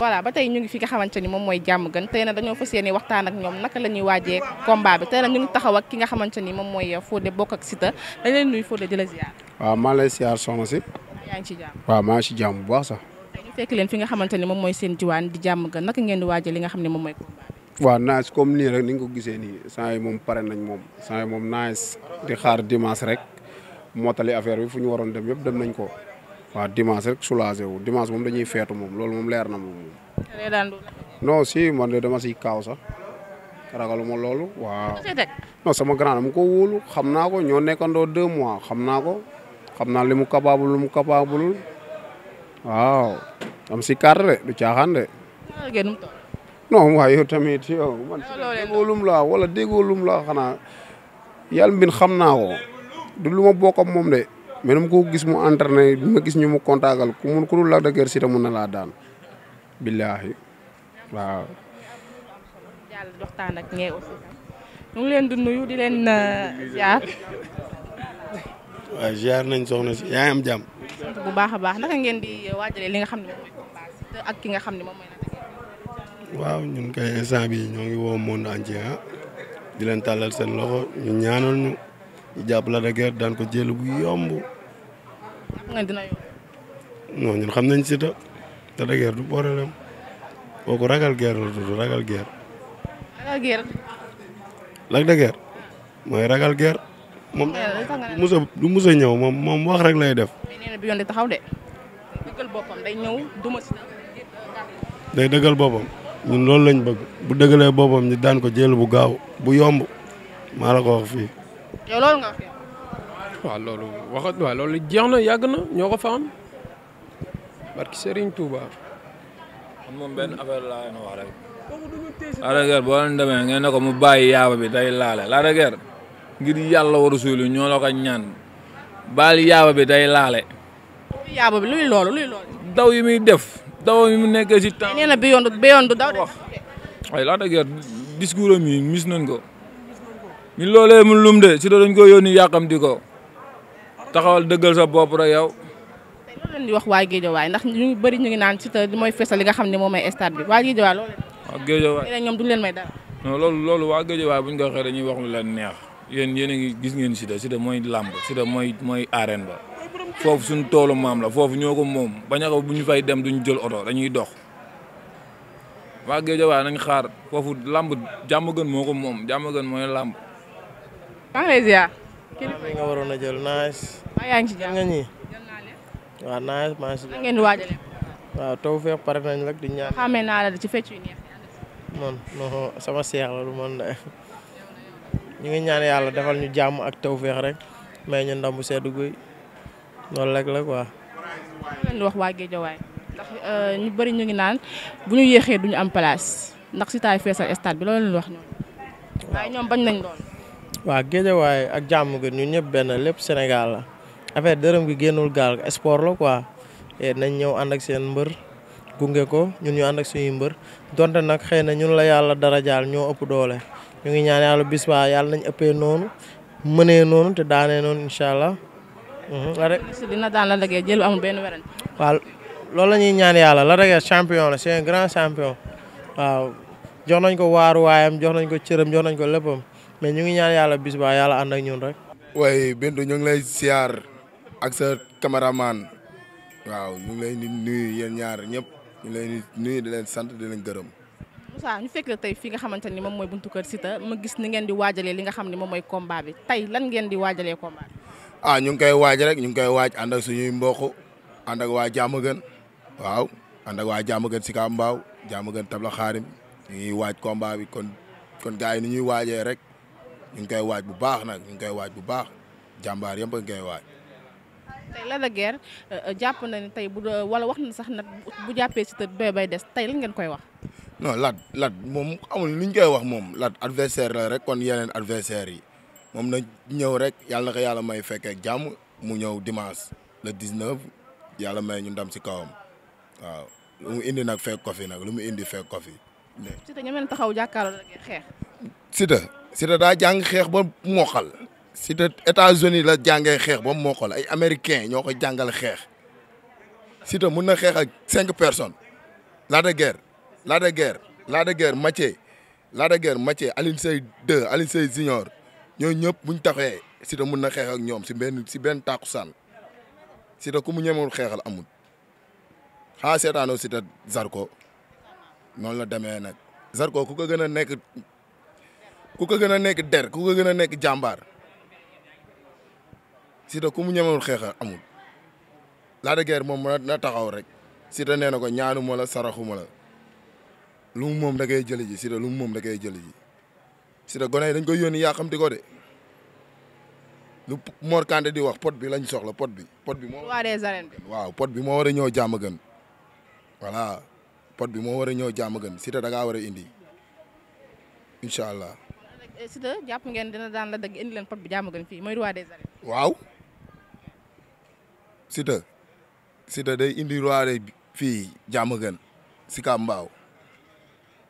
voilà ba tey ñu ngi fi nga xamante ni moom mooy jàmm gën tey nag dañoo fas yéene waxtaan ak ñoom naka la ñuy waajee combat bi tey nag ñu ngi ki nga xamante ni moom mooy Fodé bokk ak Siteu dañ leen nuyu Fodé di la ziar. waaw maa lay ziar soxna si. yaa waaw maa ngi ci jàmm bu baax sax. tey ñu fekk leen fi nga xamante ni moom mooy seen diwaan di jàmm gën naka ngeen di waajee nga xam ne moom mooy combat bi. waaw nice comme nii rek ni nga ko gisee nii saa moom pare nañ moom saa yi moom nice di xaar dimanche rek mottali affaire bi fu ñu waroon dem yëpp dem nañ ko waaw dimanche rek soulagé wu dimanche moom dañuy feetu moom loolu moom leer na moom. non si man de dama siy kaaw sax ragalu ma loolu waaw. non sama grand dama ko wóolu xam naa ko ñoo nekkandoo deux mois xam naa ko xam naa li mu capable lu mu capableul waaw am si carte de du caaxaan de. non waaye tamit yow man. déggoo lum la wala déggoo lum la xanaa yàlla mbin xam naa ko du lu ma moom de. mais dama ko gis mu entraîné bi ma gis ñu mu kontaagal ku mun ku dul Lac de na laa daan billaahi waaw. yàlla ak ngay aussi ñu leen di nuyu di leen jaar. Euh, waaw jaar nañ soxna si yaa am jàmm. bu baax a baax naka ngeen di waajalee li nga xam ne moom ak ki nga xam ne moom mooy waaw ñun kay ñoo ngi woo monde entier ah. di leen tàllal seen loxo ñu ñaanal ñu. ñu jàpp la de guerre daan ko jël bu yomb. xam nga ñun xam nañ Siteu te de guerre du problème kooku ragal guerre la tudd ragal guerre. ragal guerre. Lac de mooy ragal guerre. moom du mus ñëw moom moom wax rek lay def. taxaw de. day dëggal boppam ñun loolu lañ bëgg bu dëggalee boppam daan ko jël bu gaaw bu yomb maa la ko wax fii. yow loolu nga waaw loolu waxat waaw loolu jeex na yàgg na ñoo ko fa am barki Serigne Touba. am moom benn affaire laa leen wax rek. Lac de Guiers boo leen demee ngeen ne ko mu bàyyi yaaba bi day laale Lac de Guiers ngir yàlla war a suul ñoo la ko ñaan baal yaaba bi day laale. yaaba bi luy loolu luy loolu. daw yi muy def daw yi mu nekkee si temps. nee na bi yoon bi yoon du daw de. waaye Lac de Guiers discours am yi mis nañ ko. ñu loolee mu lum de Siteu dañ ko yónni yàqamti ko taxawal dëggal sa bopp rek yow. tey loolu leen di wax waa Guédiawaye ndax ñu bëri ñu ngi naan Siteu mooy feesal li nga xam ne moom mooy stade bi waa Guédiawaye loolu. waa Guédiawaye ñoom du leen may dara. non loolu loolu waa Guédiawaye bu ñu ko waxee dañuy wax lu leen neex yéen yéen a ngi gis ngeen Siteu Siteu mooy làmb Siteu mooy mooy arène ba foofu suñu toolu maam la foofu ñoo ko moom bañ bu ñu fay dem duñu jël oto dañuy dox waa Guédiawaye nañ xaar foofu làmb jàmm gën moo ko moom jàmm gën mooy làmb maa ngi nga waroon a jël nice. maa yaa ngi nga ñii. waaw nice ngeen di waajale. waaw taw feex pare nañ rek di ci fecc yu sama seex la du ngi ñaan yàlla defal ñu jàmm ak taw feex rek may ñu ndam bu seddu guy loolu rek la quoi. waa Géejawaay ndax euh, ñu bëri ñu ngi naan bu ñu yéexee duñu am place ndax si taay feesal stade bi loolu leen wax ñoom. waaye ñoom bañ nañ lool. waaw waaye ak jàmm gën ñun ñëpp benn lépp Sénégal la affaire dërëm gi génnul gaal sport la quoi eh, nañ ñëw ànd ak seen mbër gunge ko ñun ñu ànd ak suñuy mbër donte nag xëy na ñun la yàlla dara jaal ñoo ëpp doole ñu ngi ñaan yàlla bis yàlla nañ ëppee noonu mënee noonu te daanee noonu incha allah. Mhm, dina daan la dëggee jël amul benn werante. waaw loolu la ñuy ñaan yàlla la dëggee la c'est un grand champion waaw jox nañ ko waar waaruwaayam jox nañ ko cëram jox nañ ko léppam. mais ñu ngi ñaar yàlla bis ba yàlla ànd ak ñun rek. waaye Bintu ñu ngi lay siyaar ak sa cameraman waaw ñu ngi lay nuyu yéen ñaar ñëpp ñu ngi lay nuyu di leen sant di gërëm. Moussa ñu fekk la tey fi nga xamante ni moom mooy buntu kër Siteu ma gis ni ngeen di waajalee li nga xam ne moom mooy combat tey lan ngeen di waajalee combat bi. ah ñu ngi koy waaj rek ñu ngi koy waaj ànd ak suñuy mbokk ànd ak waa Diamaguène waaw ànd waa Diamaguène Sicap Mbao Diamaguène Tabla Xaarim ñu ngi waaj bi kon kon rek. ñu ngi koy waaj bu baax nag ñu ngi koy waaj bu baax jàmbaar yëpp ngi koy waaj. tey la guerre euh, jàpp na ne tey bu wala wax na sax nag bu jàppee si tët bay des tey la ngeen koy wax. no lat lat moom amul lu ñu koy wax moom lat adversaire la rek kon yeneen adversaire yi moom na ñëw rek yàlla na ko yàlla may fekkee jàmm mu ñëw dimanche le 19 yàlla may ñu ndam si kawam waaw lu mu indi nag fekk ko fi nag lu mu indi fekk ko fi. Siteu ñoo taxaw jàkkaarloo Siteu daa jàng xeex ba mokkal Siteu États-Unis la jàngee xeex ba mokkal ay américain ñoo ko jàngal xeex Siteu mun na xeex ak cinq personnes la de Guiers Lac de Guiers Lac de Guiers Mathieu Lac de Guiers Mathieu Alioune Seye 2 Alioune Seye Junior ñooñu ñëpp buñ taxee Siteu mun na xeex ak ñoom si benn si benn tàkkusaan Siteu ku mu ñemewul xeexal amul xaa seetaanoo Siteu Zarko noonu la demee nag Zarko ku ko gën a nekk ku ko gën a nekk der ku gën a nekk jàmbaar Siteu ku mu ñemewul xeexa amul Lac de Guiers moom na taxaw rek Siteu nee na ko ñaanuma la saraxuma la lu mu moom da koy jëli ji Siteu lu mu moom da koy jëli ji Siteu gone yi dañ koy yónni yaa xamti ko de lu Mor Kandé di wax pot bi lañ soxla pot bi pot bi moo roi des arènes waaw pot bi moo war a ñëw jàmm gën voilà pot bi moo war a ñëw jàmm gën Siteu da ngaa war a indi incha allah Eh, Siteu jàpp ngeen dina daan la dëgg indi leen pot bi jaamu gën fii mooy roi des arènes. waaw Siteu Siteu day indi roi des fii jaamu gën si Kambaaw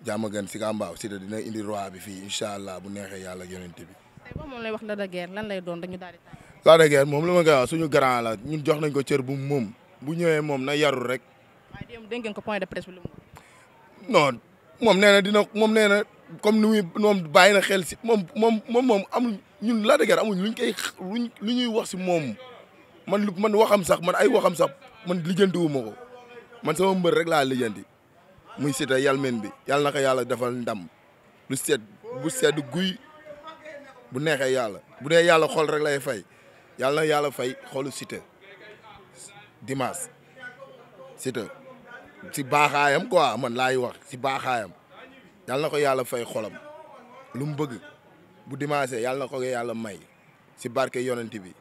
jaamu gën si Kambaaw dina indi roi bi fii incha allah bu neexee yàlla ak bi. moom lay wax la de guerre lay doon dañu daal di. la de guerre moom la ma koy wax suñu grand la jox nañ ko cër bu moom bu ñëwee moom na yarul rek. waaye démb dégg ngeen de presse na dina comme ni muy noom bàyyi na xel si moom moom moom moom amul ñun la dëgër amuñ luñ koy luñ lu ñuy wax si moom man lu man waxam sax man ay waxam sax man lijjantiwuma ko man sama mbër rek laa lijjanti muy Siteu Yelmine bi yàlla na ko yàlla defal ndam lu sed bu sedd guy bu neexee yàlla bu dee yàlla xol rek lay fay yàlla na yàlla fay xolu Siteu dimanche Siteu si baaxaayam quoi aman laay wax si baaxaayam yàlla na ko yàlla fay xolam lu mu bëgg bu dimanche yàlla na ko yàlla may si barke yonent bi